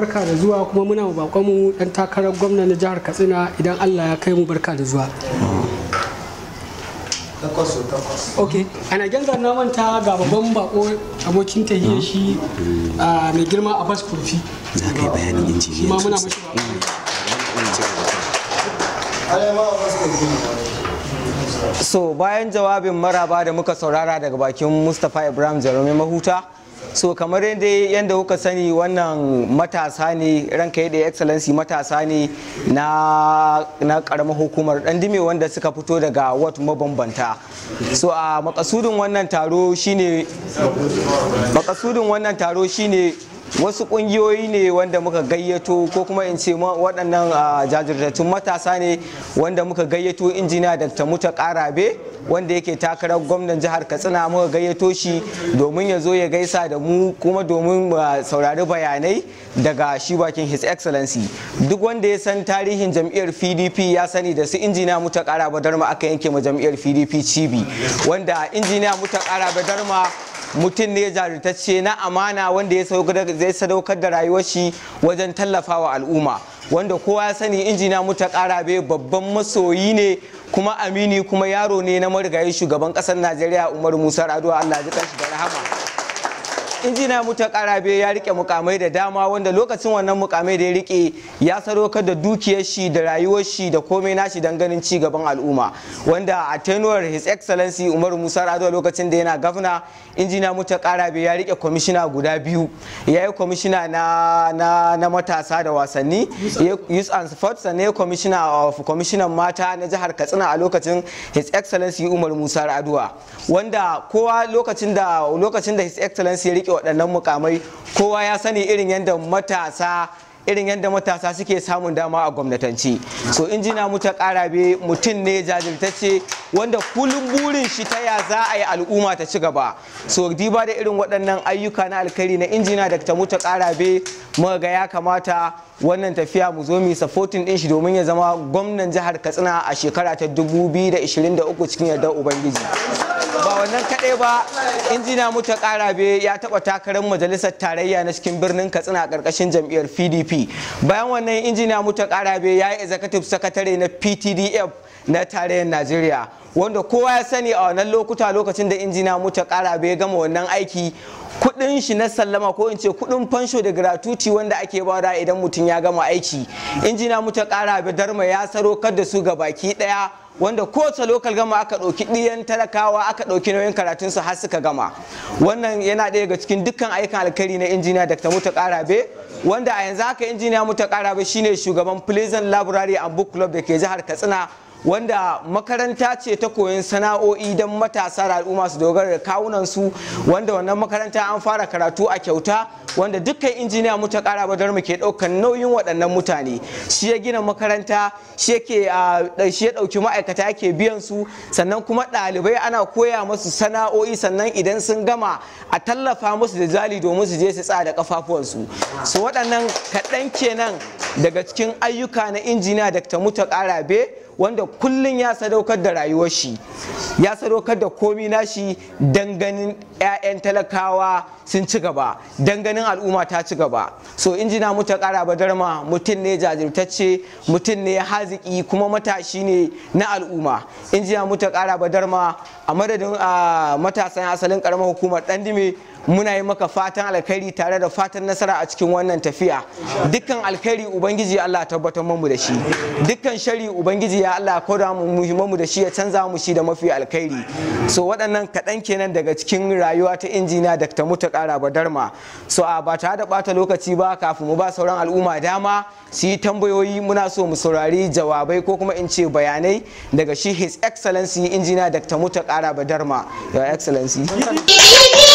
barka da zuwa kuma muna mu bakon mu dan takarar gwamna na jihar Katsina idan Allah ya kai mu barka da zuwa. ok ana gyanza na manta ga babban bako abokin ta yi shi a mai girma a bas kurfi za ka yi bayanin injiniya ma muna mashi so bayan jawabin maraba da muka saurara daga bakin mustapha ibrahim jarumi mahuta so kamar yadda yadda kuka sani wannan matasa ne ranka yadda excellency matasa ne na na karamar hukumar dandime wanda suka fito daga wat mabambanta so a makasudin wannan taro shine makasudin wannan taro shine wasu kungiyoyi ne wanda muka gayyato ko kuma in ce waɗannan jajirtattun matasa ne wanda muka gayyato injiniya dr muta karabe wanda yake takarar gwamnan jihar katsina muka gayyato shi domin ya zo ya gaisa da mu kuma domin saurari bayanai daga shi bakin his excellency duk wanda ya san tarihin jam'iyyar pdp ya sani da su injiniya muta karabe darma aka yanke ma jam'iyyar pdp cibi wanda injiniya muta karabe darma mutum ne jarutacce na amana wanda ya sadaukar da rayuwar shi wajen tallafawa al'umma wanda kowa ya sani injina muta karabe babban masoyi ne kuma amini kuma yaro ne na marigayi shugaban kasar najeriya umaru musa raduwa allah ji shi da rahama injina muta karabe ya rike mukamai da dama wanda lokacin wannan mukamai da ya rike ya sadaukar da dukiyar shi da rayuwar shi da komai nashi don ganin ci gaban al'umma wanda a tenuwar his excellency umar musa rado lokacin da yana gafna. injina muta karabe ya rike kwamishina guda biyu ya yi kwamishina na, na, na matasa da wasanni youth and sports sannan ya kwamishina of kwamishinan mata na jihar katsina a lokacin his excellency umar musa Rado wanda kowa lokacin da lokacin da his excellency ya rike riƙe waɗannan mukamai kowa ya sani irin yadda matasa irin yadda matasa suke samun dama a gwamnatance so injina muta karabe mutum ne jajirtacce wanda kullum burin shi ta ya za a yi al'umma ta ci gaba so diba da irin waɗannan ayyuka na alkari na injina da ta muta karabe muka ga ya kamata wannan tafiya mu zo mu supporting din shi domin ya zama gwamnan jihar katsina a shekara ta 2023 cikin yardar ubangiji ba wannan kaɗai ba injina muta karabe ya taɓa takarar majalisar tarayya na cikin birnin katsina a ƙarƙashin jam'iyyar pdp bayan wannan injina muta karabe ya yi executive secretary na ptdf na tarayyar najeriya wanda kowa ya sani a wannan lokuta lokacin da injina muta kara bai gama wannan aiki kudin shi na sallama ko in ce kudin fansho da gratuity wanda ake bada idan mutum ya gama aiki injina muta kara bai darma ya saro kar da su ga baki daya wanda kowace lokal gama aka ɗauki ɗiyan talakawa aka ɗauki nauyin karatunsu har suka gama wannan yana ɗaya ga cikin dukkan aikin alkari na injiniya dr muta karabe wanda a yanzu haka injiniya muta karabe shine shugaban pleasant library and book club da ke jihar katsina wanda makaranta ce ta koyon sana'o'i don matasa da al'umma su dogara da kawunansu su wanda wannan makaranta an fara karatu a kyauta wanda dukkan injiniya muta kara ba dar ke daukan nauyin waɗannan mutane shi ya gina makaranta shi yake shi ya dauki ma'aikata yake biyan su sannan kuma ɗalibai ana koya musu sana'o'i sannan idan sun gama a tallafa musu da zali domin su je su tsada kafafuwansu su waɗannan kaɗan kenan daga cikin ayyuka na injiniya Dr. Muta Karabe wanda kullum ya sadaukar da rayuwar shi ya sadaukar da komi nashi dan ganin 'ya'yan talakawa sun ci gaba dan ganin al'umma ta ci gaba so injina muta kara darma, mutum ne jajirtacce mutum ne haziki kuma matashi ne na al'umma injina muta kara darma, a madadin matasan asalin karamar hukumar dandime muna yi maka fatan alkhairi tare da fatan nasara a cikin wannan tafiya dukkan alkhairi ubangiji Allah tabbatar mu da shi dukkan shari ubangiji ya Allah koda mu muhimman mu da shi ya canza mu shi da mafi alkhairi so waɗannan kaɗan kenan daga cikin rayuwa ta injiniya Dr. Mutakara Badarma so a ba tare da bata lokaci ba kafin mu ba sauran al'umma dama su yi tambayoyi muna so mu saurari jawabai ko kuma in ce bayanai daga shi His Excellency Injiniya Dr. Mutakara Badarma Your Excellency